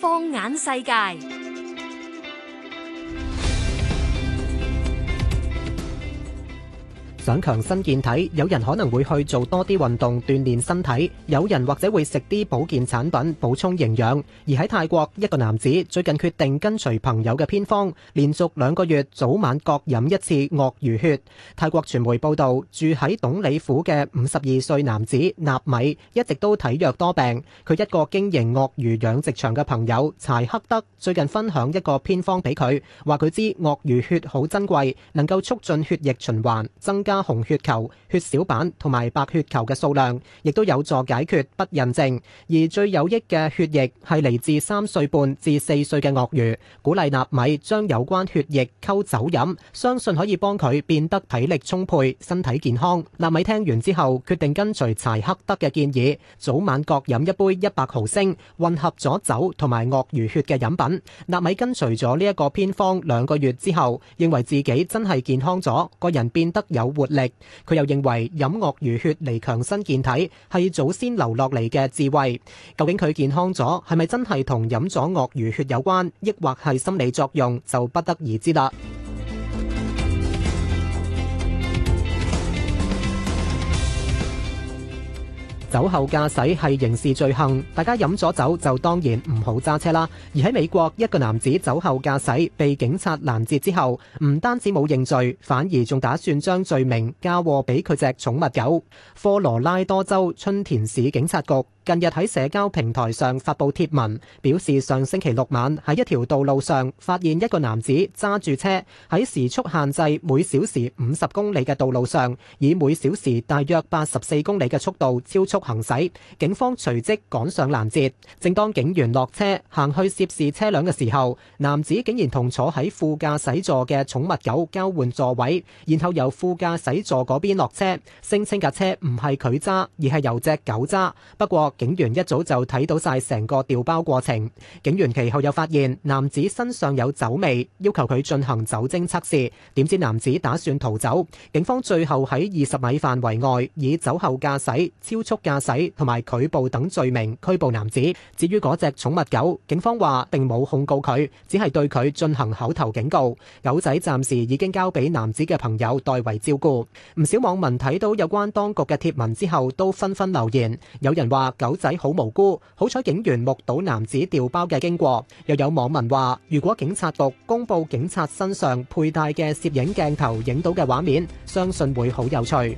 放眼世界。想強身健體，有人可能會去做多啲運動鍛鍊身體，有人或者會食啲保健產品補充營養。而喺泰國，一個男子最近決定跟隨朋友嘅偏方，連續兩個月早晚各飲一次鱷魚血。泰國傳媒報道，住喺董里府嘅五十二歲男子納米一直都體弱多病，佢一個經營鱷魚養殖場嘅朋友柴克德最近分享一個偏方俾佢，話佢知鱷魚血好珍貴，能夠促進血液循環，增加加紅血球、血小板同埋白血球嘅數量，亦都有助解決不孕症。而最有益嘅血液係嚟自三歲半至四歲嘅鱷魚。鼓勵納米將有關血液溝酒飲，相信可以幫佢變得體力充沛、身體健康。納米聽完之後，決定跟隨柴克德嘅建議，早晚各飲一杯一百毫升混合咗酒同埋鱷魚血嘅飲品。納米跟隨咗呢一個偏方兩個月之後，認為自己真係健康咗，個人變得有活力，佢又認為飲鱷魚血嚟強身健體係祖先留落嚟嘅智慧。究竟佢健康咗，係咪真係同飲咗鱷魚血有關，抑或係心理作用，就不得而知啦。酒後駕駛係刑事罪行，大家飲咗酒就當然唔好揸車啦。而喺美國，一個男子酒後駕駛被警察攔截之後，唔單止冇認罪，反而仲打算將罪名嫁禍俾佢隻寵物狗。科羅拉多州春田市警察局。近日喺社交平台上發布帖文，表示上星期六晚喺一條道路上發現一個男子揸住車，喺時速限制每小時五十公里嘅道路上，以每小時大約八十四公里嘅速度超速行駛，警方隨即趕上攔截，正當警員落車行去涉事車輛嘅時候，男子竟然同坐喺副駕駛座嘅寵物狗交換座位，然後由副駕駛座嗰邊落車，聲稱架車唔係佢揸，而係由隻狗揸。不過，警員一早就睇到晒成個調包過程，警員其後又發現男子身上有酒味，要求佢進行酒精測試，點知男子打算逃走，警方最後喺二十米範圍外以酒後駕駛、超速駕駛同埋拒捕等罪名拘捕男子。至於嗰隻寵物狗，警方話並冇控告佢，只係對佢進行口頭警告。狗仔暫時已經交俾男子嘅朋友代為照顧。唔少網民睇到有關當局嘅貼文之後，都紛紛留言，有人話。狗仔好無辜，好彩警員目睹男子掉包嘅經過。又有網民話：如果警察局公布警察身上佩戴嘅攝影鏡頭影到嘅畫面，相信會好有趣。